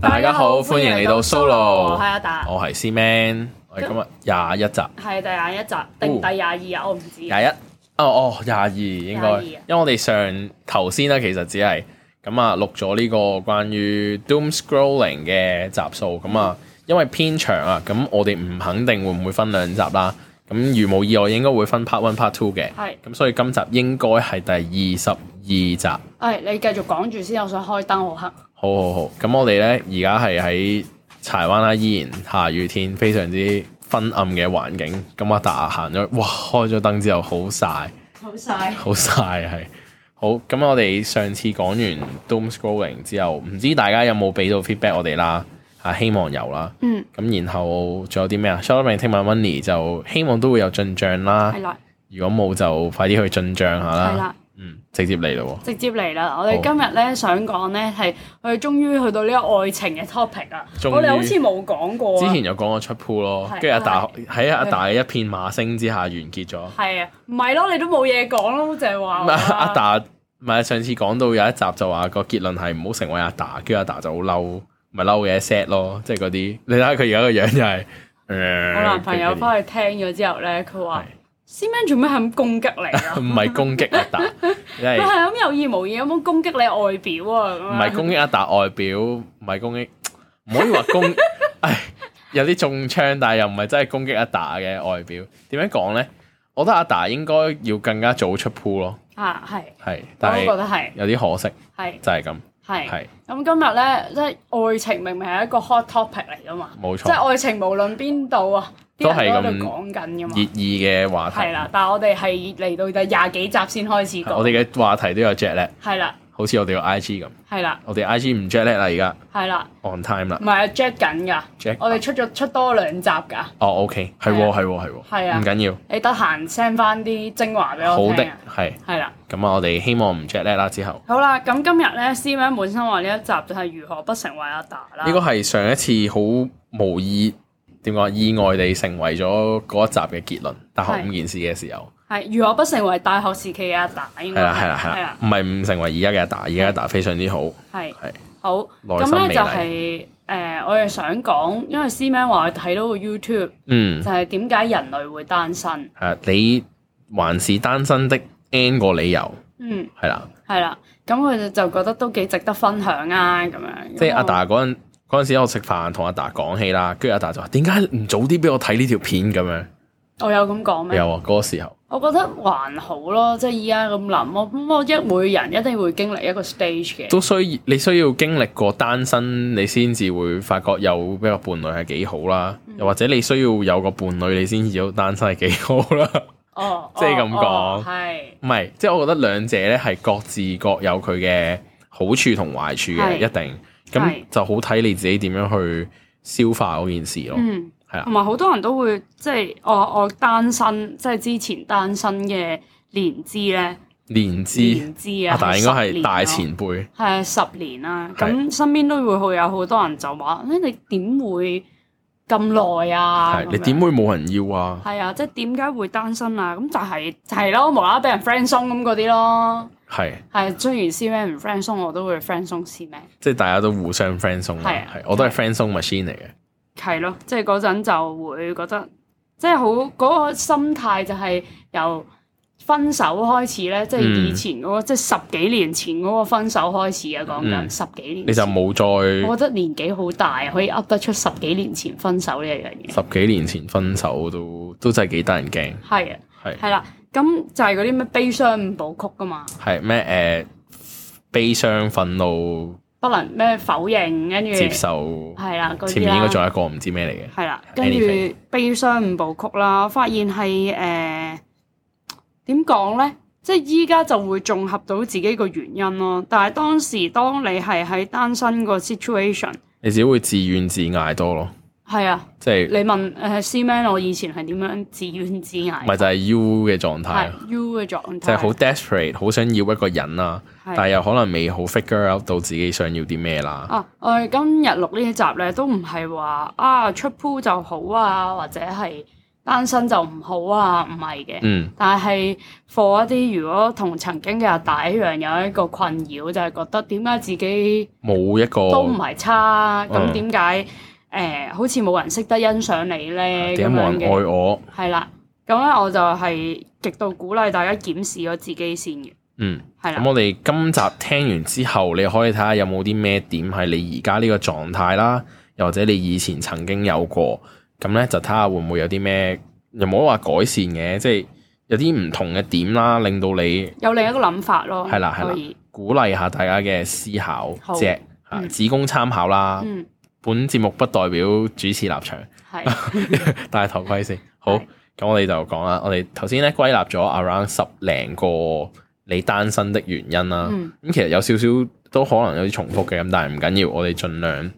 大家好，歡迎嚟到 Solo，係阿達，Man, 是我係 C Man，我哋今日廿一集，係第廿一集定第廿二啊？哦、我唔知廿一 21,、哦，哦哦廿二應該，因為我哋上頭先啦，其實只係咁啊錄咗呢個關於 Doomscrolling 嘅集數咁啊，因為偏長啊，咁我哋唔肯定會唔會分兩集啦，咁如無意外應該會分 Part One、Part Two 嘅，係、嗯，咁所以今集應該係第二十二集。係，你繼續講住先，我想開燈，好黑。好好好，咁我哋咧而家係喺柴灣啦，依然下雨天，非常之昏暗嘅環境。咁阿達行咗，哇，開咗燈之後好晒，好晒曬，好晒係。好，咁我哋上次講完 doom scrolling 之後，唔知大家有冇俾到 feedback 我哋啦？啊，希望有啦。嗯。咁然後仲有啲咩啊？Shut up and take my money 就希望都會有進賬啦。了如果冇就快啲去進賬下啦。嗯，直接嚟咯、哦，直接嚟啦！我哋今日咧、哦、想講咧係，我哋終於去到呢個愛情嘅 topic 于啊！我哋好似冇講過，之前有講過出鋪咯，跟住是阿達喺是阿達嘅一片罵聲之下完結咗。係啊，唔係咯，你都冇嘢講咯，就係話唔係，阿達，唔係上次講到有一集就話個結論係唔好成為阿達，跟住阿達就好嬲，唔係嬲嘅 set 咯，即係嗰啲。你睇下佢而家個樣就係、是、誒，呃、 我男朋友翻去聽咗之後咧，佢話是。先 man 做咩係咁攻擊你啊？唔係攻擊阿達，佢係咁有意無意咁攻擊你外表啊！唔係攻擊阿達外表，唔係攻擊，唔可以話攻擊。唉，有啲中槍，但係又唔係真係攻擊阿達嘅外表。點樣講咧？我覺得阿達應該要更加早出鋪咯。啊，係，係，我都覺得係，有啲可惜，係就係咁。係，咁是、嗯、今日咧，即係愛情，明明係一個 hot topic 嚟噶嘛，冇錯，即係愛情，無論邊度啊，啲人都喺度講緊噶嘛，熱議嘅話題，係啦。但係我哋係嚟到第廿幾集先開始講，我哋嘅話題都有 jet 咧，係啦。好似我哋個 I G 咁，係啦，我哋 I G 唔 jet 咧啦，而家係啦，on time 啦，唔係啊，jet 緊噶，jet，我哋出咗出多兩集噶，哦，OK，係喎，係喎，係喎，係啊，唔緊要，你得閒 send 翻啲精華俾我聽，好的，係，係啦，咁啊，我哋希望唔 jet 咧啦，之後，好啦，咁今日咧，c 文本身話呢一集就係如何不成為阿達啦，呢個係上一次好無意，點講，意外地成為咗嗰一集嘅結論，大學五件事嘅時候。係，如我不成為大學時期嘅阿達，係啦係啦係啦，唔係唔成為而家嘅阿達，而家阿達非常之好。係係好，咁咧就係、是、誒、呃，我哋想講，因為師妹話睇到個 YouTube，嗯，就係點解人類會單身？係你還是單身的 n 個理由，嗯，係啦的，係啦，咁佢就覺得都幾值得分享啊，咁、嗯、樣。即係阿達嗰陣嗰陣我食飯同阿達講起啦，跟住阿達就話：點解唔早啲俾我睇呢條片咁樣？我有咁講咩？有啊，嗰、那個時候。我覺得還好咯，即係依家咁諗，咁我一每人一定會經歷一個 stage 嘅。都需要你需要經歷過單身，你先至會發覺有一個伴侶係幾好啦，又、嗯、或者你需要有個伴侶，你先知道單身係幾好啦。哦， 即係咁講，係唔係？即係我覺得兩者咧係各自各有佢嘅好處同壞處嘅，是一定咁就好睇你自己點樣去。消化嗰件事咯，嗯，係啊，同埋好多人都會即係我我單身，即係之前單身嘅年資咧，年資，年資啊，但係應該係大前輩，係啊，十年啦。咁身邊都會有好多人就話：你點會咁耐啊？你點會冇人要啊？係啊，即係點解會單身啊？咁就係，就係咯，無啦啦俾人 friend 送咁嗰啲咯。係係，雖然 C man 唔 friend 送，我都會 friend 送 C man 即係大家都互相 friend 送咯、啊，係，我都係 friend 送 machine 嚟嘅。係咯、啊，即係嗰陣就會覺得，即係好嗰個心態就係由分手開始咧，即係以前嗰、那個，嗯、即係十幾年前嗰個分手開始啊，講緊、嗯、十幾年。你就冇再？我覺得年紀好大，可以噏得出十幾年前分手呢樣嘢。十幾年前分手都都真係幾得人驚。係啊，係係啦。咁就係嗰啲咩悲傷五部曲噶嘛？係咩？誒、呃，悲傷憤怒不能咩否認，跟住接受係啦。前面應該仲有一個唔知咩嚟嘅，係啦。跟住悲傷五部曲啦，我發現係誒點講咧？即係依家就會綜合到自己個原因咯。但係當時當你係喺單身個 situation，你只會自怨自艾多咯。係啊，即係是你問誒、呃、，C Man 我以前係點樣自怨自艾？唔咪就係、是、U 嘅狀態，U 嘅狀態，即係好 desperate，好想要一個人啊，啊但係又可能未好 figure out 到自己想要啲咩啦。啊，我今日錄呢集咧，都唔係話啊出 pool 就好啊，或者係單身就唔好啊，唔係嘅。嗯。但係 for 一啲，如果同曾經嘅阿大一樣，有一個困擾，就係、是、覺得點解自己冇一個都唔係差、啊，咁點解？嗯誒、呃，好似冇人識得欣賞你咧，點解冇人愛我？係啦。咁咧我就係極度鼓勵大家檢視咗自己先嘅。嗯，係啦了。咁我哋今集聽完之後，你可以睇下有冇啲咩點係你而家呢個狀態啦，又或者你以前曾經有過。咁咧就睇下會唔會有啲咩，又冇話改善嘅，即、就、係、是、有啲唔同嘅點啦，令到你有另一個諗法咯。係啦、嗯，係啦，以鼓勵下大家嘅思考，好即係啊，只供、嗯、參考啦。嗯。本節目不代表主持立場，係 戴頭盔先。好，咁 我哋就講啦。我哋頭先咧歸納咗 around 十零個你單身的原因啦。咁、嗯、其實有少少都可能有啲重複嘅，咁但係唔緊要，我哋盡量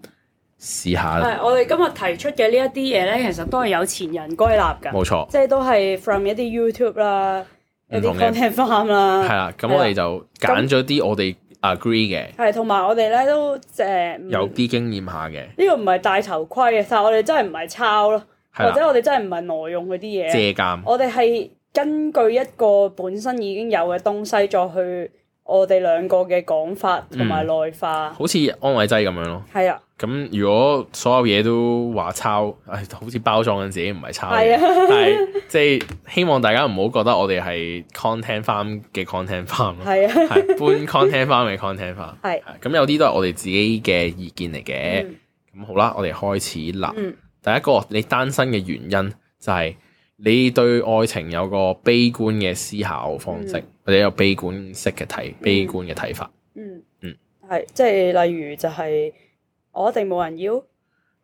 試下。係，我哋今日提出嘅呢一啲嘢咧，其實都係有前人歸納嘅，冇錯錯，即係都係 from 一啲 YouTube 啦，一啲 forum 啦。係啦，咁我哋就揀咗啲我哋。agree 嘅，係同埋我哋咧都，誒、呃、有啲經驗下嘅。呢個唔係戴頭盔嘅，但係我哋真係唔係抄咯，的或者我哋真係唔係挪用嗰啲嘢。借鑑監，我哋係根據一個本身已經有嘅東西再去我哋兩個嘅講法同埋內化，嗯、好似安慰劑咁樣咯。係啊。咁如果所有嘢都話抄，誒、哎，好似包裝緊自己唔係抄嘅， 但係即係希望大家唔好覺得我哋係 content farm 嘅 content farm 咯，係啊，係搬 content farm 嘅 content farm，係咁是有啲都係我哋自己嘅意見嚟嘅。咁、嗯、好啦，我哋開始啦。嗯、第一個你單身嘅原因就係你對愛情有個悲觀嘅思考方式，嗯、或者有悲觀式嘅睇悲觀嘅睇法。嗯嗯，係即係例如就係、就是。我一定冇人要，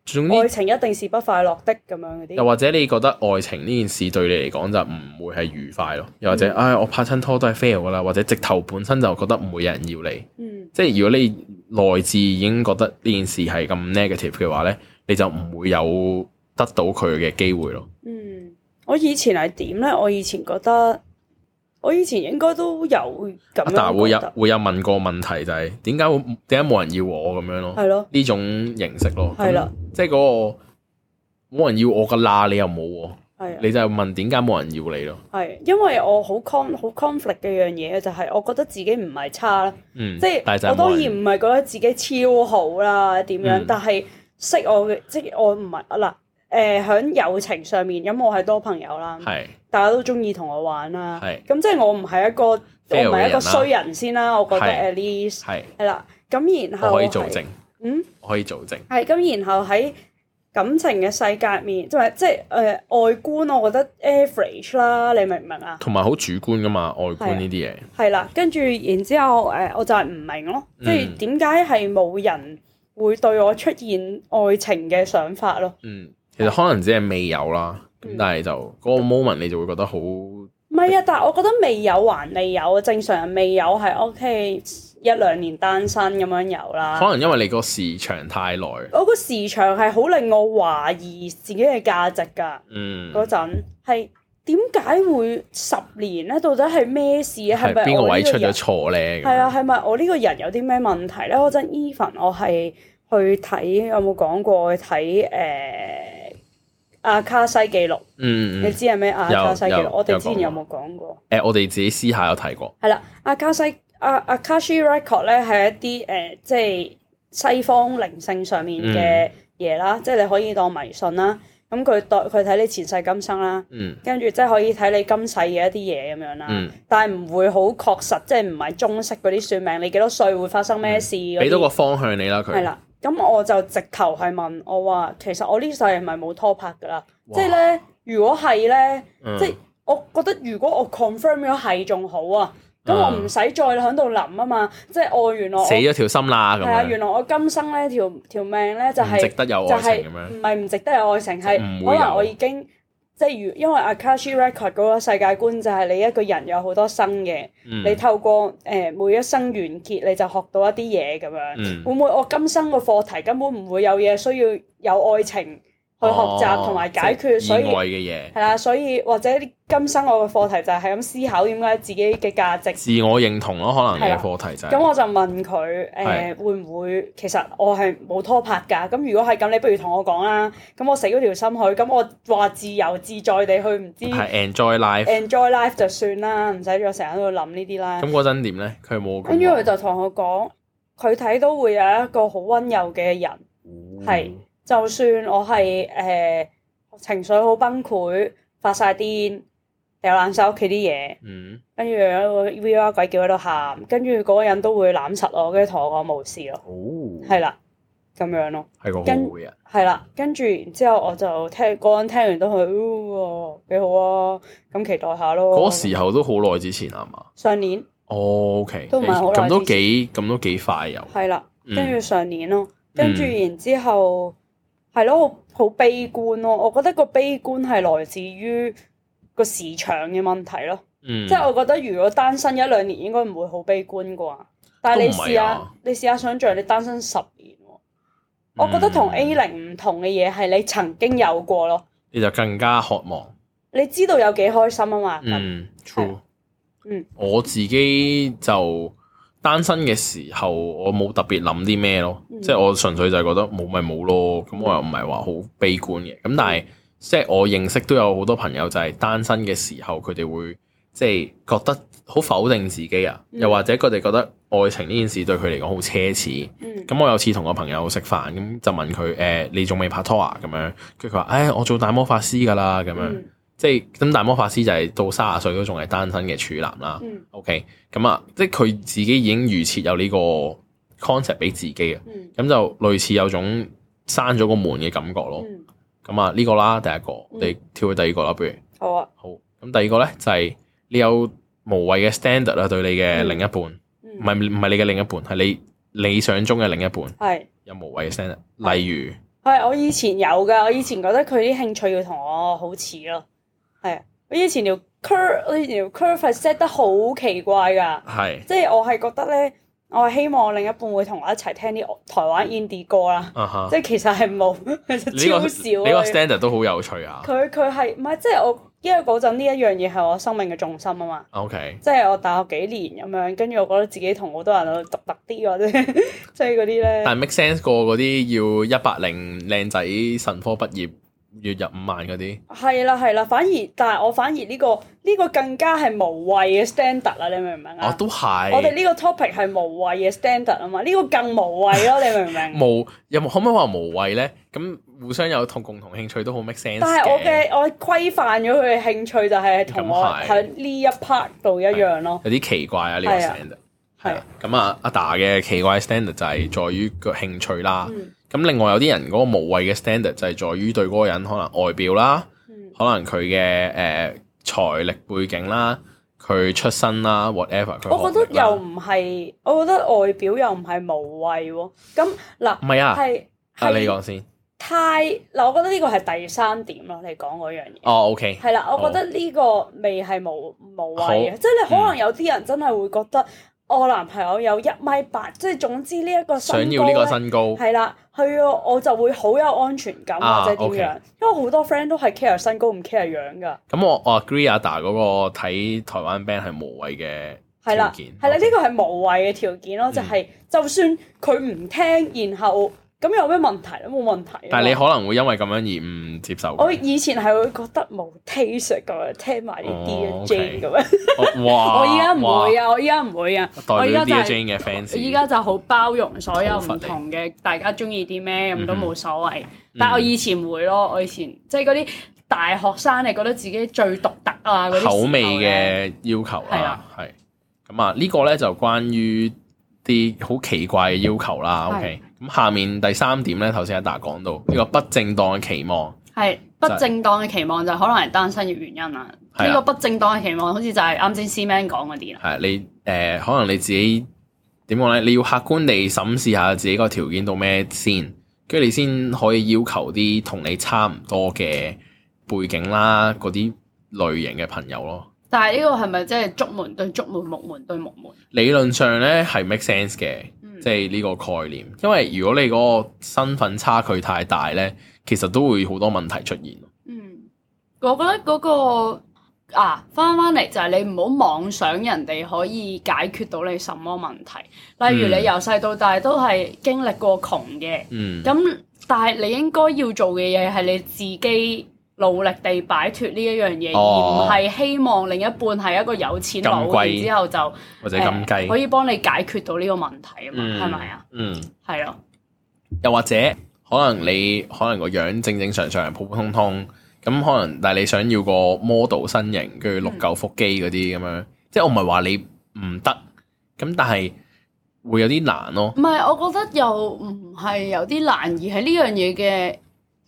總之愛情一定是不快樂的咁樣嗰啲。又或者你覺得愛情呢件事對你嚟講就唔會係愉快咯。又或者唉、嗯哎，我拍親拖都係 fail 噶啦，或者直頭本身就覺得唔會有人要你。嗯，即係如果你內置已經覺得呢件事係咁 negative 嘅話咧，你就唔會有得到佢嘅機會咯。嗯，我以前係點咧？我以前覺得。我以前應該都有咁樣覺得，但會有會有問過問題，就是，就係點解點解冇人要我咁樣咯？係咯的，呢種形式咯，係啦，的即係嗰、嗰個冇人要我噶啦，你又冇喎，的你就問點解冇人要你咯？係因為我好 conf 好 conflict 嘅一樣嘢，就係我覺得自己唔係差啦，嗯、即係是我當然唔係覺得自己超好、嗯就是、啦，點樣？但係識我嘅即係我唔係啦。誒喺、呃、友情上面，咁、嗯、我係多朋友啦，是大家都中意同我玩啦。咁是、嗯、即係我唔係一個，我唔係一個衰人先啦。是我覺得 at least 係係是啦。咁然後可以做證，嗯，可以做證。係咁，然後喺感情嘅世界面，即係即係誒外觀，我覺得 average 啦。你明唔明啊？同埋好主觀㗎嘛，外觀呢啲嘢係啦。跟住然之後，誒、欸、我就係唔明咯，即係點解係冇人會對我出現愛情嘅想法咯？嗯。其實可能只係未有啦，但係就嗰個 moment 你就會覺得好。唔係啊，但係我覺得未有，還未有，正常人未有係 OK，一兩年單身咁樣有啦。可能因為你個時長太耐。我個時長係好令我懷疑自己嘅價值噶。嗯。嗰陣係點解會十年咧？到底係咩事啊？係咪邊個位出咗錯咧？係啊，係咪我呢個人有啲咩問題咧？嗰陣 even 我係去睇有冇講過睇誒。去阿卡西記錄，嗯，你知係咩？阿卡西記錄，我哋之前有冇講過？誒，我哋自己私下有提過。係啦，阿卡西阿阿卡西 record 咧，係一啲誒，即係西方靈性上面嘅嘢啦，即係你可以當迷信啦。咁佢代佢睇你前世今生啦，跟住即係可以睇你今世嘅一啲嘢咁樣啦。但係唔會好確實，即係唔係中式嗰啲算命，你幾多歲會發生咩事？俾多個方向你啦，佢。咁我就直頭係問我話，其實我呢世係咪冇拖拍噶啦？即係咧，如果係咧，即係、嗯、我覺得如果我 confirm 咗係仲好啊，咁、嗯、我唔使再喺度諗啊嘛。即、就、係、係、我原來我死咗條心啦。係啊，原來我今生咧條條命咧就係、係、唔值得有愛情唔係唔值得有愛情係可能我已經。即係如，因為 Akashic Record 嗰個世界觀就係你一個人有好多生嘅，嗯、你透過誒、呃、每一生完結你就學到一啲嘢咁樣，嗯、會唔會我今生個課題根本唔會有嘢需要有愛情？去學習同埋解決，哦就是、所以係啦，所以或者今生我嘅課題就係咁思考，點解自己嘅價值、自我認同咯，可能你嘅課題就係、是、咁，啊、我就問佢誒、呃、的會唔會其實我係冇拖拍㗎？咁如果係咁，你不如同我講啦？咁我死咗條心去，咁我話自由自在地去，唔知 enjoy life，enjoy life 就算啦，唔使再成日喺度諗呢啲啦。咁嗰陣點咧？佢冇，跟住佢就同我講，佢睇到會有一個好溫柔嘅人係。嗯就算我係誒、呃、情緒好崩潰，發晒癲，掟爛晒屋企啲嘢，跟住咧會 v r 鬼叫喺度喊，跟住嗰人都會攬實我，跟住同我講冇事咯，係、哦、啦，咁樣咯，係個機會呀，跟係啦，跟住之後我就聽嗰人聽完都係幾好啊，咁期待下咯。嗰時候都好耐之前啊嘛，上年哦，OK，都唔係好耐。咁、欸、都幾咁都幾快又係啦，跟住上年咯，嗯嗯、跟住然之後，然後、嗯。係咯，好悲觀咯、哦。我覺得個悲觀係來自於個市場嘅問題咯。嗯、即係我覺得如果單身一兩年，應該唔會好悲觀啩。但係你試下，啊、你試下想象你單身十年。我覺得 A 同 A 零唔同嘅嘢係你曾經有過咯。你就更加渴望。你知道有幾開心啊嘛？嗯，true。嗯，我自己就。單身嘅時候，我冇特別諗啲咩咯，嗯、即係我純粹就係覺得冇咪冇咯，咁我又唔係話好悲觀嘅，咁但係即係我認識都有好多朋友就係單身嘅時候，佢哋會即係覺得好否定自己啊，又或者佢哋覺得愛情呢件事對佢嚟講好奢侈，咁、嗯、我有次同個朋友食飯，咁就問佢誒、呃、你仲未拍拖啊咁樣，跟住佢話誒我做大魔法師㗎啦咁樣。嗯即係咁，大魔法師就係到卅歲都仲係單身嘅處男啦。嗯、OK，咁啊，即係佢自己已經預設有呢個 concept 俾自己嘅，咁、嗯、就類似有種閂咗個門嘅感覺咯。咁啊、嗯，呢個啦，第一個，嗯、你跳去第二個啦，不如好啊。好，咁第二個咧就係、是、你有無謂嘅 standard 啊，對你嘅另一半，唔係唔係你嘅另一半，係你理想中嘅另一半，係是有無謂嘅 standard，是例如係我以前有㗎，我以前覺得佢啲興趣要同我好似咯。係啊，我以前條 curve，我以前條 curve 係 set 得好奇怪噶，即係我係覺得咧，我係希望另一半會同我一齊聽啲台灣 indie 歌啦，uh huh. 即係其實係冇，其實超少，呢個 standard 都好有趣啊！佢佢係，唔係即係我，因為嗰陣呢一樣嘢係我生命嘅重心啊嘛。OK，即係我大學幾年咁樣，跟住我覺得自己同好多人都獨特啲或者，即係嗰啲咧，但係 make sense 過嗰啲要一百零靚仔神科畢業。月入五萬嗰啲，係啦，係啦，反而但係我反而呢、這個呢、這個更加係無謂嘅 standard 啦，你明唔明啊？哦，都係，我哋呢個 topic 係無謂嘅 standard 啊嘛，呢、這個更無謂咯，你明唔明？ 無有冇？可唔可以話無謂咧？咁互相有同共同興趣都好 make sense。但係我嘅我規範咗佢嘅興趣就係同我喺呢一 part 度一樣咯、嗯，有啲奇怪啊呢、這個 standard。係咁啊，阿達嘅奇怪 standard 就係在於個興趣啦。咁另外有啲人嗰個無謂嘅 standard 就係在於對嗰個人可能外表啦，可能佢嘅誒財力背景啦，佢出身啦 whatever。我覺得又唔係，我覺得外表又唔係無謂喎。咁嗱，唔係啊，係啊，你講先。太嗱，我覺得呢個係第三點咯。你講嗰樣嘢。哦，OK。係啦，我覺得呢個未係無無謂嘅，即係你可能有啲人真係會覺得。我男朋友有一米八，即係總之呢個想要呢一個身高咧，係啦，係啊，我就會好有安全感或者點樣，因為好多 friend 都係 care 身高唔 care 樣噶。咁我我 agree 阿 da 嗰、那個睇台灣 band 係無謂嘅條件，係啦，呢個係無謂嘅條件咯，就係、是、就算佢唔聽，然後。咁有咩問題都冇問題。問題啊、但係你可能會因為咁樣而唔接受。我以前係會覺得冇 taste 咁樣，聽埋啲 DJ 咁樣。哇！ 我依家唔會啊！我依家唔會啊！代表 我依家就係，依家就好包容所有唔同嘅，大家中意啲咩咁都冇所謂。嗯、但係我以前會咯，我以前即係嗰啲大學生，你覺得自己最獨特啊，啲口味嘅要求啊係。咁啊個呢個咧，就關於啲好奇怪嘅要求啦。OK。咁下面第三點咧，頭先阿達講到呢個不正當嘅期望，係是、就是、不正當嘅期望就可能係單身嘅原因啦。呢的個不正當嘅期望好似就係啱先 Simon 講嗰啲啦。係你誒、呃，可能你自己點講咧？你要客觀地審視下自己個條件到咩先，跟住你先可以要求啲同你差唔多嘅背景啦，嗰啲類型嘅朋友咯。但係呢個係咪即係竹門對竹門，木門對木門？理論上咧係 make sense 嘅。即係呢個概念，因為如果你嗰個身份差距太大咧，其實都會好多問題出現。嗯，我覺得嗰個啊，翻返嚟就係你唔好妄想人哋可以解決到你什麼問題。例如你由細到大都係經歷過窮嘅，嗯，咁但係你應該要做嘅嘢係你自己努力地擺脫呢一樣嘢，哦、而唔係希望另一半係一個有錢佬，然之後就或者咁計、欸、可以幫你解決到呢個問題啊嘛，係咪啊？嗯，係吧、嗯、咯。又或者可能你可能個樣正正常常、普普通通，咁可能但係你想要個 model 身形，跟住六嚿腹肌嗰啲咁樣，嗯、即係我唔係話你唔得，咁但係會有啲難咯。唔係，我覺得又唔係有啲難，而係呢樣嘢嘅。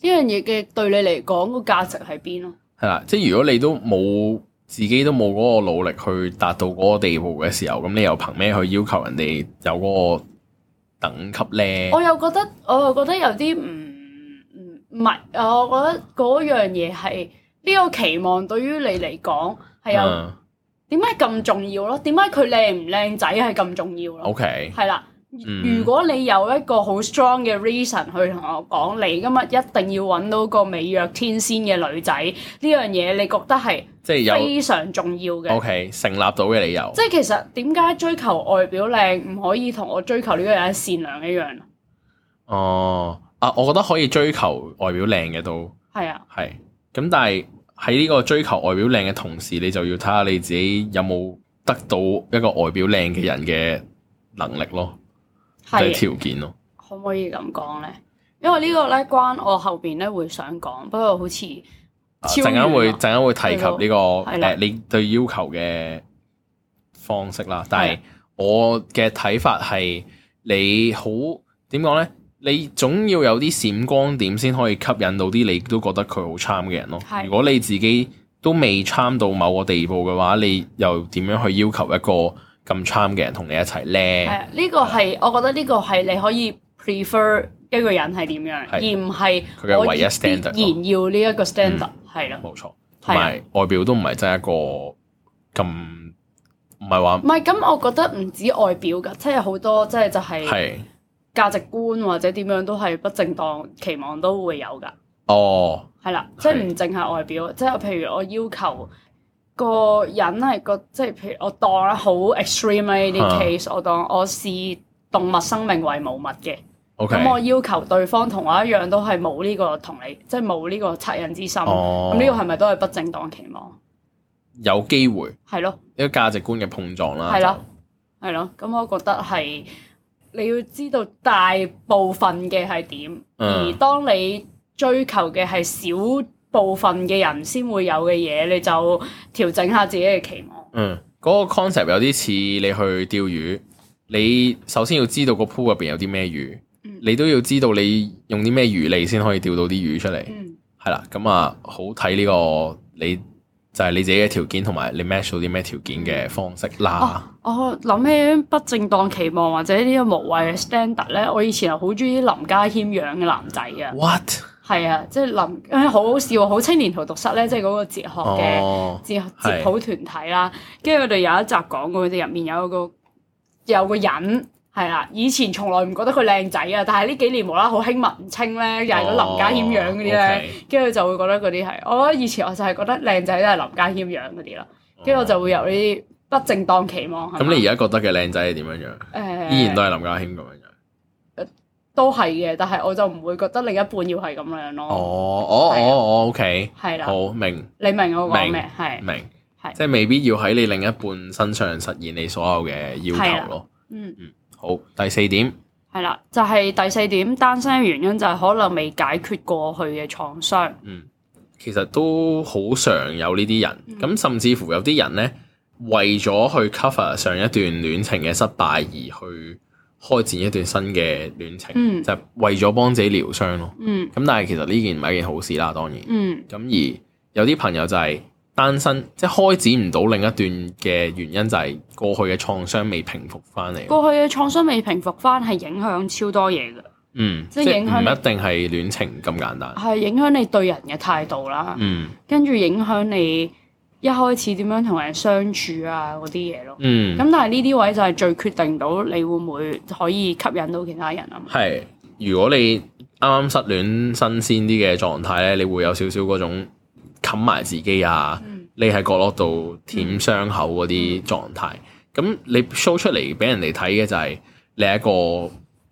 呢樣嘢嘅對你嚟講個價值喺邊咯？係啦，即係如果你都冇自己都冇嗰個努力去達到嗰個地步嘅時候，咁你又憑咩去要求人哋有嗰個等級咧？我又覺得，我又覺得有啲唔唔唔係，我覺得嗰樣嘢係呢個期望對於你嚟講係有點解咁重要咯？點解佢靚唔靚仔係咁重要咯？OK，係啦。嗯、如果你有一個好 strong 嘅 reason 去同我講，你今日一定要揾到個美若天仙嘅女仔，呢樣嘢你覺得係即係非常重要嘅。OK。成立到嘅理由。即係其實點解追求外表靚唔可以同我追求呢個人善良一樣？哦，啊，我覺得可以追求外表靚嘅都係啊，係。咁但係喺呢個追求外表靚嘅同時，你就要睇下你自己有冇得到一個外表靚嘅人嘅能力咯。嘅條件咯，可唔可以咁講呢？因為個呢個咧關我後邊咧會想講，不過好似陣間會陣間會提及呢、呢個的、啊、你對要求嘅方式啦。的但係我嘅睇法係，你好點講呢？你總要有啲閃光點先可以吸引到啲你都覺得佢好參嘅人咯。的如果你自己都未參到某個地步嘅話，你又點樣去要求一個？咁 charm 嘅人同你一齊咧？呢個係我覺得呢個係你可以 prefer 一個人係點樣，而唔係佢嘅唯一 standard 而要呢一個 standard 係啦，冇錯，同埋外表都唔係真係一個咁唔係話，唔係咁，我覺得唔止外表噶，即係好多即係就係價值觀或者點樣都係不正當期望都會有噶。哦，係啦，即係唔淨係外表，即係的譬如我要求。個人係個即係，譬如我當啦、啊，好 extreme 啲 case，我當我視動物生命為無物嘅。咁 Okay, 我要求對方同我一樣，都係冇呢個同理，即係冇呢個惻隱之心。咁呢、哦、個係咪都係不正當期望？有機會係咯，呢個價值觀嘅碰撞啦。係咯，係就咯。咁我覺得係你要知道大部分嘅係點，嗯、而當你追求嘅係少部分嘅人先會有嘅嘢，你就調整下自己嘅期望。嗯，嗰、那個 concept 有啲似你去釣魚，你首先要知道個 pool 入邊有啲咩魚，嗯、你都要知道你用啲咩魚餌先可以釣到啲魚出嚟。係啦、嗯，咁啊、嗯，好睇呢、這個你就係、是、你自己嘅條件同埋你 match 到啲咩條件嘅方式啦。哦、啊，啊、我諗起不正當期望或者呢個無謂嘅 standard 咧，我以前係好中意林家謙養嘅男仔嘅。What？係啊，即係林、哎，好好笑、哦，好青年圖讀室咧，即係嗰個哲學嘅哲、哦、哲普團體啦。跟住佢哋有一集講過佢哋入面有個有個人係啦、啊。以前從來唔覺得佢靚仔啊，但係呢幾年無啦，好興文青咧，又係嗰林家謙樣嗰啲咧。跟住、哦 okay、就會覺得嗰啲係，我覺得以前我就係覺得靚仔都係林家謙樣嗰啲啦。跟住、哦、我就會有呢啲不正當期望。咁你而家覺得嘅靚仔係點樣樣？哎呃、依然都係林家謙咁樣。都係嘅，但係我就唔會覺得另一半要係咁樣咯。哦，的哦，哦，哦、okay, 的，哦，OK，係啦，好明，你明我講咩？係明白，係的即係未必要喺你另一半身上實現你所有嘅要求咯。嗯嗯，好，第四點係啦，就係、是、第四點，單身嘅原因就係可能未解決過去嘅創傷。嗯，其實都好常有呢啲人，咁、嗯、甚至乎有啲人咧，為咗去 cover 上一段戀情嘅失敗而去開展一段新嘅戀情，嗯、就係為咗幫自己療傷咯。咁、嗯、但係其實呢件唔係一件好事啦，當然。咁、嗯、而有啲朋友就係單身，即、就、係、係、開展唔到另一段嘅原因就係過去嘅創傷未平復翻嚟。過去嘅創傷未平復翻係影響超多嘢㗎。嗯，即係影響唔一定係戀情咁簡單。係影響你對人嘅態度啦。嗯，跟住影響你一開始點樣同人相處啊嗰啲嘢咯，咁、嗯、但係呢啲位就係最決定到你會唔會可以吸引到其他人啊，嘛係如果你啱啱失戀新鮮啲嘅狀態咧，你會有少少嗰種冚埋自己啊，匿喺、嗯、角落度舔傷口嗰啲狀態。咁、嗯、你 show 出嚟俾人哋睇嘅就係、係、你一個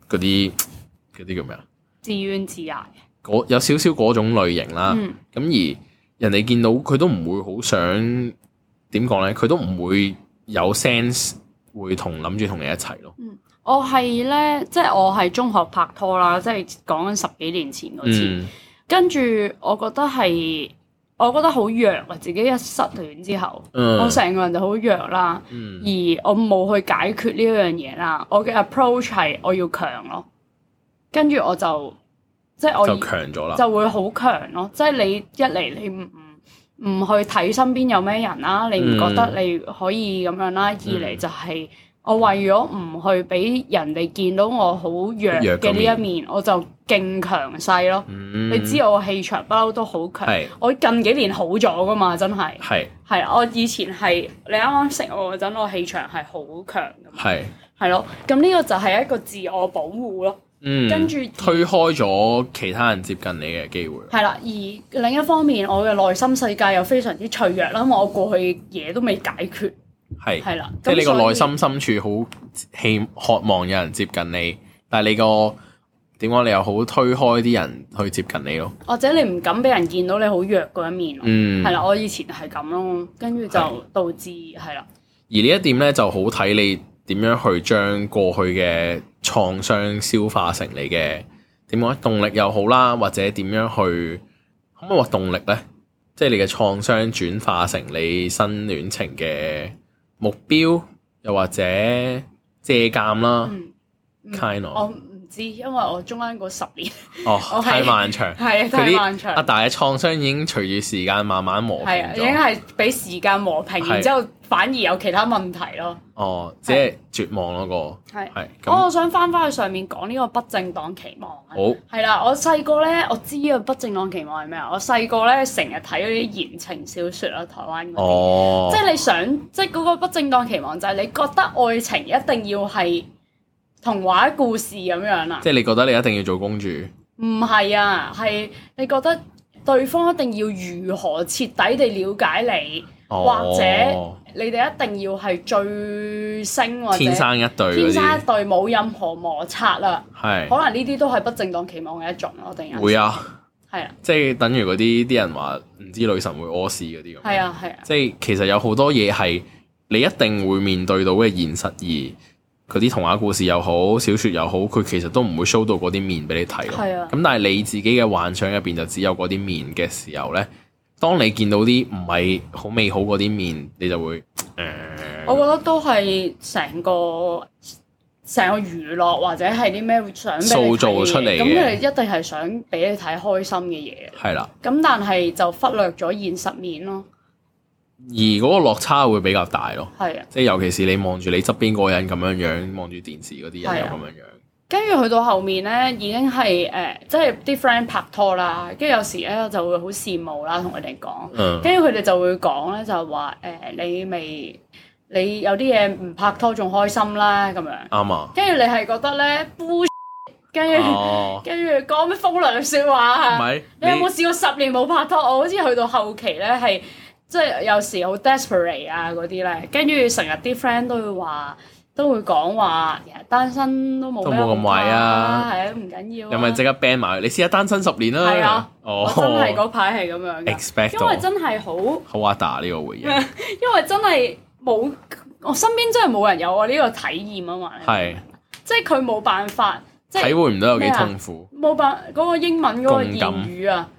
嗰啲嗰啲叫咩啊？自怨自艾有少少嗰種類型啦。咁、嗯嗯、而人哋見到佢都唔會好想點講呢，佢都唔會有 sense 會同諗住同你一齊咯、嗯。我係呢，即係我係中學拍拖啦，即係講緊十幾年前嗰次。嗯、跟住我覺得係，我覺得好弱啊！自己一失戀之後，嗯、我成個人就好弱啦。嗯、而我冇去解決呢樣嘢啦，我嘅 approach 係我要強咯。跟住我就。即係我就強咗啦，就會好強咯。即係你一嚟你唔唔唔去睇身邊有咩人啦、啊，你唔覺得你可以咁樣啦、啊？嗯、二嚟就係我為咗唔去俾人哋見到我好弱嘅呢一面，面我就勁強勢咯。嗯、你知我氣場不嬲都好強，是我近幾年好咗噶嘛，真係係係我以前係你啱啱識我嗰陣，我氣場係好強咁，係係咯。咁呢是個就係一個自我保護咯，咯。嗯，跟住推開咗其他人接近你嘅機會。係啦，而另一方面，我嘅內心世界又非常之脆弱啦，因為我過去嘢都未解決。係，係啦，即係你個內心深處好希渴望有人接近你，但係你個點講你又好推開啲人去接近你咯，或者你唔敢俾人見到你好弱嗰一面。嗯，係啦，我以前係咁咯，跟住就導致係啦。而呢一點咧，就好睇你點樣去將過去嘅。創傷消化成你嘅，點講咧？動力又好啦，或者點樣去？可唔可以話動力咧？即係你嘅創傷轉化成你新戀情嘅目標，又或者借鑑啦，嗯，Kind of。知，因為我中間嗰十年，哦，太漫長，係啊，太漫長。啊，但係創傷已經隨住時間慢慢磨平，已經係俾時間磨平，然之後反而有其他問題咯。哦，即係絕望嗰個。係係。我我想翻返去上面講呢個不正當期望。好。係啦，我細個咧，我知呢個不正當期望係咩啊？我細個咧成日睇嗰啲言情小説啦，台灣嗰啲。哦。即係你想，即係嗰個不正當期望就係你覺得愛情一定要係。童話故事咁樣啦，啊，即係你覺得你一定要做公主？唔係啊，係你覺得對方一定要如何徹底地了解你，oh. 或者你哋一定要係最升或者天生一對，天生一對冇任何摩擦啦。係是可能呢啲都係不正當期望嘅一種咯，定會啊，係啊，啊即係等於嗰啲啲人話唔知女神會屙屎嗰啲咁。係啊，係啊，即係其實有好多嘢係你一定會面對到嘅現實而。嗰啲童話故事又好，小説又好，佢其實都唔會 show 到嗰啲面俾你睇。係啊。咁但係你自己嘅幻想入邊就只有嗰啲面嘅時候咧，當你見到啲唔係好美好嗰啲面，你就會誒。嗯、我覺得都係成個成個娛樂或者係啲咩想塑造出嚟，咁你一定係想俾你睇開心嘅嘢。係啦、啊。咁但係就忽略咗現實面咯。而嗰個落差會比較大咯，係啊，即係尤其是你望住你側邊嗰個人咁樣樣，望住電視嗰啲人、啊、又咁樣樣。跟住去到後面咧，已經係誒、呃，即係啲 friend 拍拖啦，跟住有時咧就會好羨慕啦，同佢哋講，跟住佢哋就會講咧，就係話、呃、你未你有啲嘢唔拍拖仲開心啦，咁樣啱、嗯、啊。跟住你係覺得咧，跟住跟住講咩風涼説話啊？你有冇你、你試過十年冇拍拖？我好似去到後期咧係。即係有時好 desperate 啊嗰啲咧，跟住成日啲 friend 都會話，都會講話，其實單身都冇咩唔好啊，啊係啊，唔緊要啊，又咪即刻 ban 埋佢，你試下單身十年啦，係啊，哦、我真係嗰排係咁樣，expect 因為真係好好 under 呢個回應，我因為真係冇我身邊真係冇人有我呢個體驗啊嘛，係是，即係佢冇辦法，即體會唔到有幾痛苦，冇、啊、辦嗰、嗰個英文嗰個言語啊。共感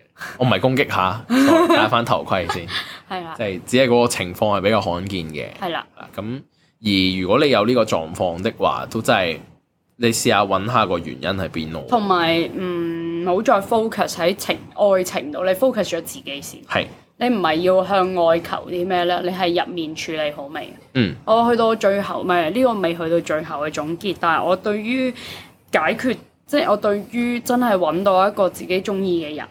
我唔係攻擊吓，戴翻頭盔先係啦，即係 的只係嗰個情況係比較罕見嘅係啦。咁的而如果你有呢個狀況的話，都真係你試下搵下個原因喺邊咯。同埋唔好再 focus 喺情愛情度，你 focus 咗自己先係的你唔係要向外求啲咩咧？你係入面處理好未？嗯，我去到最後咪呢、呢個未去到最後嘅總結，但係我對於解決即係、就是、我對於真係搵到一個自己中意嘅人。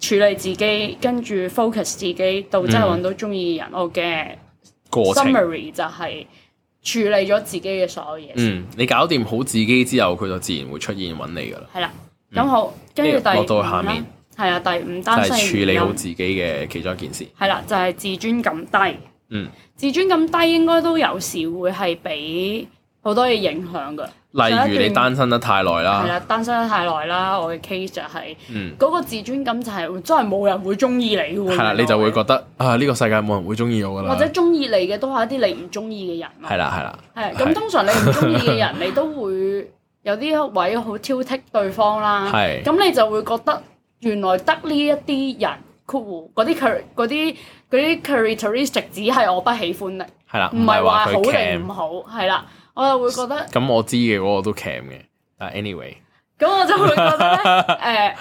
處理自己，跟住 focus 自己，到真係揾到中意人。我嘅 summary 就係處理咗自己嘅所有嘢。嗯，你搞掂好自己之後，佢就自然會出現揾你噶啦的。係啦、嗯，咁好，跟住第五單啦。係啊，第五單就係處理好自己嘅其中一件事。係啦，就係、是、自尊感低。嗯，自尊感低，應該都有時會係俾好多嘢影響噶。例如你單身得太耐啦，係啦，單身得太耐啦。我嘅 case 就係嗰個自尊感就係真係冇人會中意你嘅。係啦，你就會覺得啊，呢個世界冇人會中意我噶啦。或者中意你嘅都係一啲你唔中意嘅人。係啦，係啦。係咁，通常你唔中意嘅人，你都會有啲位好挑剔對方啦。係咁，你就會覺得原來得呢一啲人，嗰啲 car 嗰啲嗰啲 characteristics 只係我不喜歡嘅。係啦，唔係話好定唔好，係啦。我又會覺得咁，我知嘅嗰個都 cam 嘅，但 anyway，咁我就會覺得誒，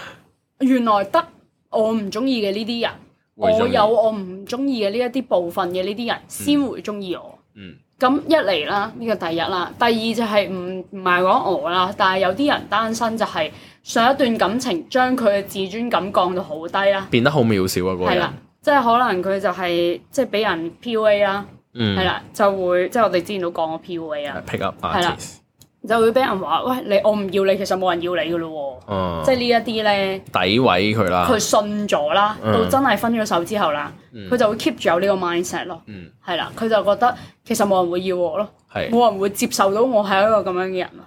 原來得我唔中意嘅呢啲人，我有我唔中意嘅呢一啲部分嘅呢啲人、嗯、先會中意我。嗯，咁一嚟啦，呢、呢個第一啦，第二就係唔唔係講我啦，但係有啲人單身就係上一段感情將佢嘅自尊感降到好低啦，變得好渺小啊！嗰、嗰個人，即係可能佢就係、係、即係俾人 PUA 啦。嗯，係啦，就會即係我哋之前都講過 PUA 啊，pick up artist 係啦，就會俾人話喂你，我唔要你，其實冇人要你噶咯，哦，即係呢一啲咧，詆毀佢啦，佢信咗啦，到真係分咗手之後啦，佢就會 keep 住有呢個 mindset 咯，嗯，係啦，佢就覺得其實冇人會要我咯，係，冇人會接受到我係一個咁樣嘅人咯，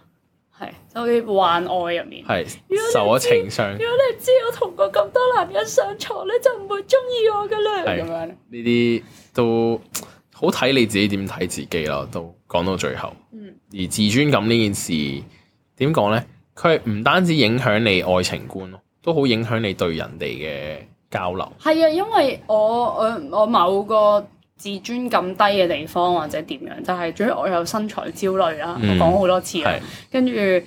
係，就喺幻愛入面，係，受咗情傷，如果你知我同過咁多男人上床，你就唔會中意我噶啦，咁樣呢啲都。好睇你自己點睇自己咯，都講到最後。嗯，而自尊感呢件事點講呢？佢係唔單止影響你愛情觀咯，都好影響你對人哋嘅交流。係、嗯、啊，因為我我我某個自尊感低嘅地方或者點樣，就係仲要我有身材焦慮啦，講好多次。嗯啊、跟住點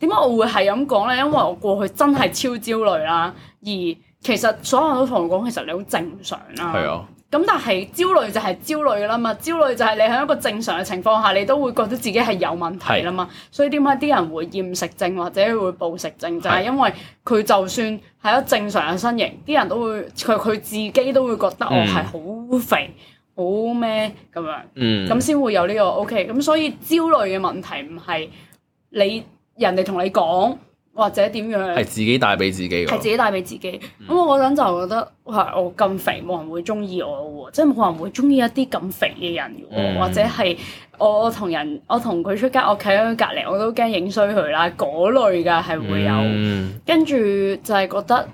解我會係咁講呢？因為我過去真係超焦慮啦。而其實所有人都同我講，其實你好正常啦。係啊。嗯咁但係焦慮就係焦慮啦嘛，焦慮就係你喺一個正常嘅情況下，你都會覺得自己係有問題啦嘛。是所以點解啲人會厭食症或者會暴食症，就係、是、因為佢就算係一正常嘅身形，啲是人都會佢佢自己都會覺得我係好肥好咩咁樣，咁先、嗯、會有呢、這個 OK。咁、嗯、所以焦慮嘅問題唔係你人哋同你講。或者點樣係自己帶俾自，自，自己，係自己帶俾自己。咁我嗰陣就覺得係我咁肥，冇人會中意我喎。即係冇人會中意一啲咁肥嘅人喎。嗯、或者係我同人，我同佢出街，我企喺佢隔離，我都驚影衰佢啦。嗰類嘅係會有。嗯、跟住就係覺得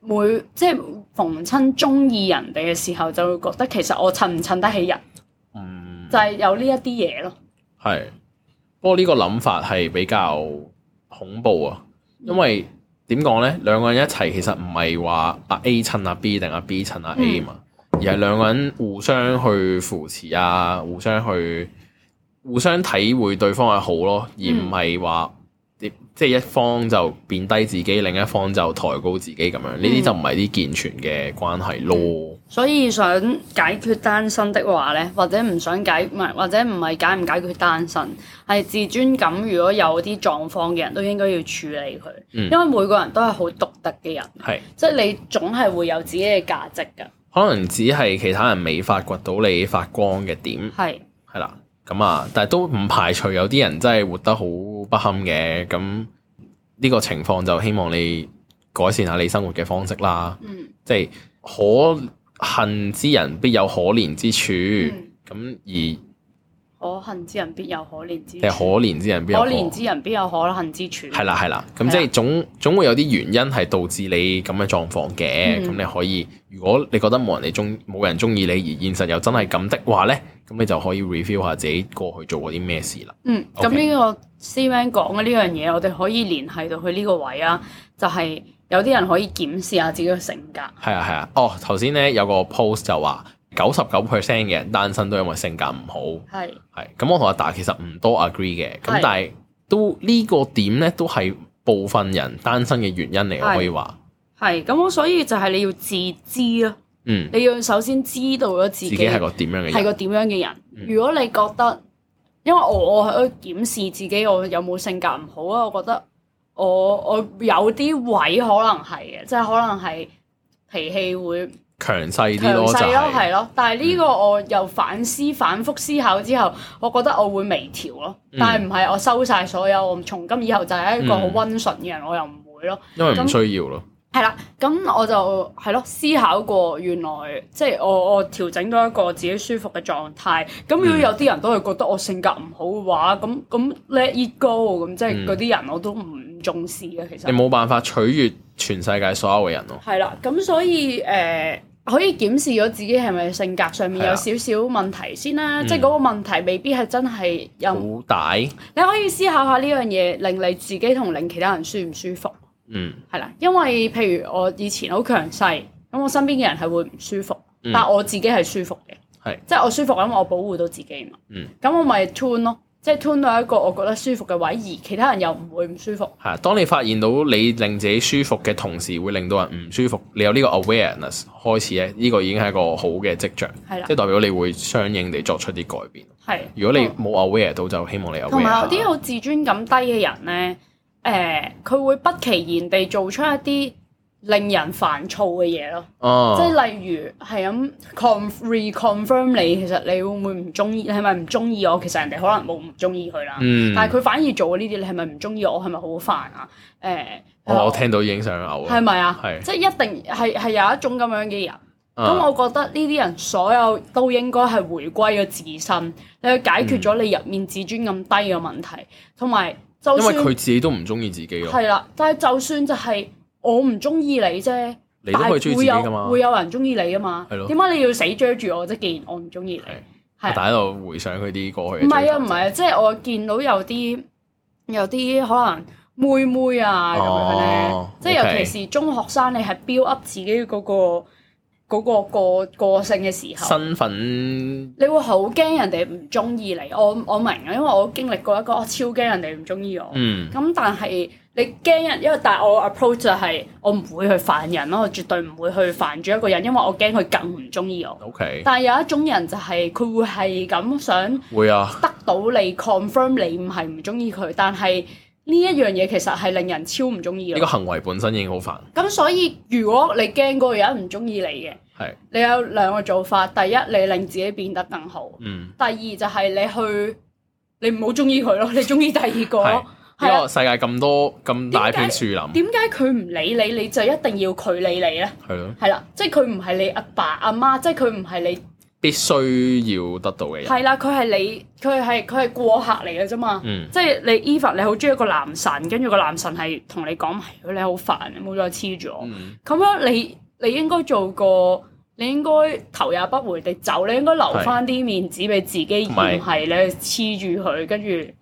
每即係逢親中意人哋嘅時候，就會覺得其實我襯唔襯得起人。嗯，就係有呢一啲嘢咯。係，不過呢個諗法係比較恐怖啊！因為點講咧？兩個人一齊其實唔係話啊 A 襯啊 B 定啊 B 襯啊 A 嘛，嗯，而係兩個人互相去扶持啊，互相去互相體會對方嘅好咯，而唔係話。即係一方就貶低自己，另一方就抬高自己咁樣，呢啲、嗯、就唔係啲健全嘅關係咯。所以想解決單身的話咧，或者唔想解唔或者唔係解唔解決單身，係自尊感如果有啲狀況嘅人都應該要處理佢。嗯、因為每個人都係好獨特嘅人，係是，即係你總係會有自己嘅價值㗎。可能只係其他人未發掘到你發光嘅點，係係啦。咁啊！但係都唔排除有啲人真係活得好不堪嘅，咁呢個情況就希望你改善下你生活嘅方式啦。嗯，即係可恨之人必有可憐之處。嗯，咁而。可恨之人必有可憐之，係可憐之人必有可。可憐之人必有可恨之處。係啦係啦，咁即係總啦總，總會有啲原因係導致你咁嘅狀況嘅。咁、嗯、你可以，如果你覺得冇人嚟中，冇人中意你，而現實又真係咁的話呢，咁你就可以 review 下自己過去做過啲咩事啦。嗯，咁呢 Okay 個 C-Man 講嘅呢樣嘢，我哋可以聯繫到佢呢個位啊，就係、是、有啲人可以檢視下自己嘅性格。係啊係啊，哦、嗯，頭先呢有個 post 就話。九十九 percent 嘅人單身都因為性格唔好，係係咁，我同阿達其實唔多 agree 嘅，咁是但係都呢、呢個點咧，都係部分人單身嘅原因嚟，是我可以話係咁，我所以就係你要自知咯、啊，嗯，你要首先知道咗自己係個點樣嘅係個點樣嘅人。如果你覺得，因為我我去檢視自己，我有冇性格唔好啊？我覺得我我有啲位可能係嘅，即、就、係、是、可能係脾氣會。強勢啲咯、就係，就係。係咯，但係呢個我又反思、反覆思考之後，我覺得我會微調咯。但係唔係我收晒所有，我從今以後就係一個好溫順嘅人，我又唔會咯。因為唔需要咯。係啦那，咁咯我就係咯，咯思考過，原來即係我我調整到一個自己舒服嘅狀態。咁如果有啲人都係覺得我性格唔好嘅話，咁咁 let it go，咁即係嗰啲人我都唔重視嘅。其實你冇辦法取悅全世界所有嘅人咯。係啦，咁所以誒。呃可以檢視咗自己係咪性格上面有少少問題先啦，啊，嗯、即係嗰個問題未必係真係有好大。你可以思考下呢樣嘢，令你自己同令其他人舒唔舒服？嗯，係啦，因為譬如我以前好強勢，咁我身邊嘅人係會唔舒服，嗯、但我自己係舒服嘅，係即係我舒服，因為我保護到自己嘛。嗯，咁我咪 turn 咯。即係吞到一個我覺得舒服嘅位，而其他人又唔會唔舒服。係，當你發現到你令自己舒服嘅同時，會令到人唔舒服，你有呢個 awareness 開始咧，呢、這個已經係一個好嘅跡象。係啦的，即係代表你會相應地作出啲改變。係的，如果你冇 aware 到，嗯、就希望你 aware 有、啊。同埋有啲好自尊感低嘅人咧，誒、呃，佢會不其然地做出一啲。令人煩躁嘅嘢咯，哦、即係例如係咁 reconfirm 你，其實你會唔會唔中意？你係咪唔中意我？其實人哋可能冇唔中意佢啦。嗯、但係佢反而做咗呢啲，你係咪唔中意我？係咪好煩啊？誒、哎，我聽到已經想嘔。係咪啊？係是，即係一定係係有一種咁樣嘅人。咁、嗯、我覺得呢啲人所有都應該係回歸咗自身，你去解決咗你入面自尊咁低嘅問題，同埋就因為佢自己都唔中意自己咯。係啦，但係就算就係、是。我唔中意你啫，你也 但係會有會有人中意你噶嘛？係咯的？點解你要死追住我啫？既然我唔中意你，係喺度回想佢啲過去,過去。唔係啊，唔係啊，即、就、係、是、我見到有啲有啲可能妹妹啊咁樣咧，即係、啊就是、尤其是中學生，你係標 Up 自己嗰、那個。嗰個個個性嘅時候，身份分你會好驚人哋唔中意你，我我明啊，因為我經歷過一個，我超驚人哋唔中意我。嗯，咁但係你驚人，因為但係我嘅 approach 就係我唔會去煩人咯，我絕對唔會去煩住一個人，因為我驚佢更唔中意我。O Okay K，但係有一種人就係、是、佢會係咁想，會啊，得到你會、啊、confirm 你唔係唔中意佢，但係。呢一樣嘢其實係令人超唔中意咯。呢個行為本身已經好煩。咁所以如果你驚嗰個人唔中意你嘅，係是你有兩個做法：第一，你令自己變得更好；嗯，第二就係你去你唔好中意佢咯，你中意第二個。呢是、啊、個世界咁多咁大片樹林，點解佢唔理你，你就一定要佢理你咧？係咯的，係啦，即係佢唔係你阿爸阿媽，即係佢唔係你。必須要得到嘅嘢，係啦，佢係你，佢係佢係過客嚟嘅啫嘛。即係你 Eva，你好中意一個男神，跟住個男神係同你講，你好煩，冇再黐住我。咁、嗯、樣你你應該做過，你應該頭也不回地走，你應該留翻啲面子俾自己，而唔係你黐住佢，跟住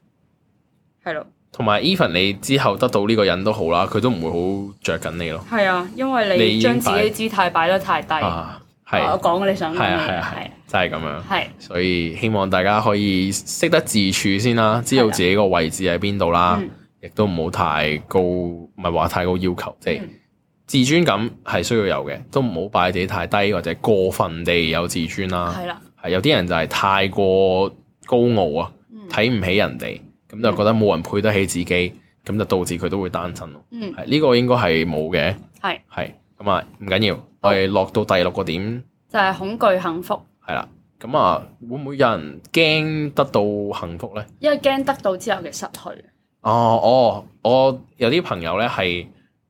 係咯。同埋 Eva，你之後得到呢個人都好啦，佢都唔會好着緊你咯。係啊，因為你將自己姿態擺得太低。啊。係我講嘅你想，係啊係啊係，真係咁樣。係是，所以希望大家可以識得自處先啦，知道自己個位置喺邊度啦，亦、嗯、都唔好太高，唔係話太高要求。即、就、係、是、自尊感係需要有嘅，都唔好擺自己太低，或者過分地有自尊啦。係啦的，係有啲人就係太過高傲啊，睇唔、嗯、起人哋，咁就覺得冇人配得起自己，咁就導致佢都會單身咯。的嗯，呢、 呢個應該係冇嘅。係係。咁啊，唔緊要，哦、我哋落到第六個點，就係恐懼幸福。係啦，咁啊，會唔會有人驚得到幸福呢？因為驚得到之後嘅失去。哦哦，我有啲朋友呢係誒、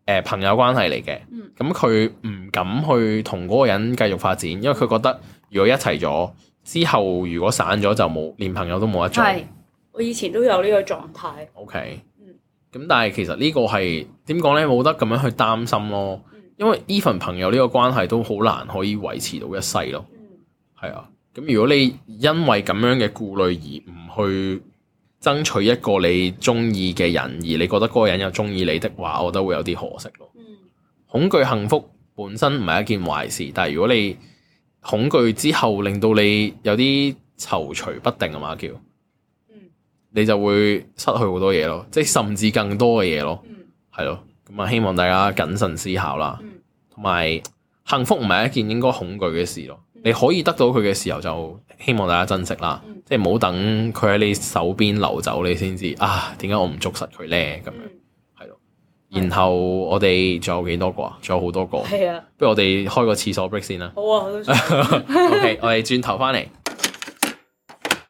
呃、朋友關係嚟嘅，咁佢唔敢去同嗰個人繼續發展，因為佢覺得如果一齊咗之後，如果散咗就冇連朋友都冇得做。係，我以前都有呢個狀態。OK，嗯，咁但係其實呢個係點講呢？冇得咁樣去擔心咯。因為 even 朋友，呢個關係都好難可以維持到一世咯，係啊，咁如果你因為咁樣嘅顧慮而唔去爭取一個你中意嘅人，而你覺得嗰個人又中意你的話，我覺得會有啲可惜咯。恐懼幸福本身唔係一件壞事，但係如果你恐懼之後令到你有啲躊躇不定啊嘛叫，你就會失去好多嘢咯，即係甚至更多嘅嘢咯，係咯、啊。咁啊，希望大家謹慎思考啦，同埋、嗯、幸福唔係一件應該恐懼嘅事咯。嗯、你可以得到佢嘅時候，就希望大家珍惜啦，嗯、即係冇等佢喺你手邊流走你，你先知啊。點解我唔捉實佢呢？咁樣係咯。嗯、然後我哋仲有幾多個啊？仲有好多個。係啊的，不如我哋開，的開個廁所 break 先啦。好啊，我好 ，OK，我哋轉頭翻嚟。